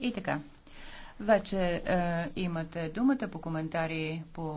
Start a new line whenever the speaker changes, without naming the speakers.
И така. Вече е, имате думата по коментари по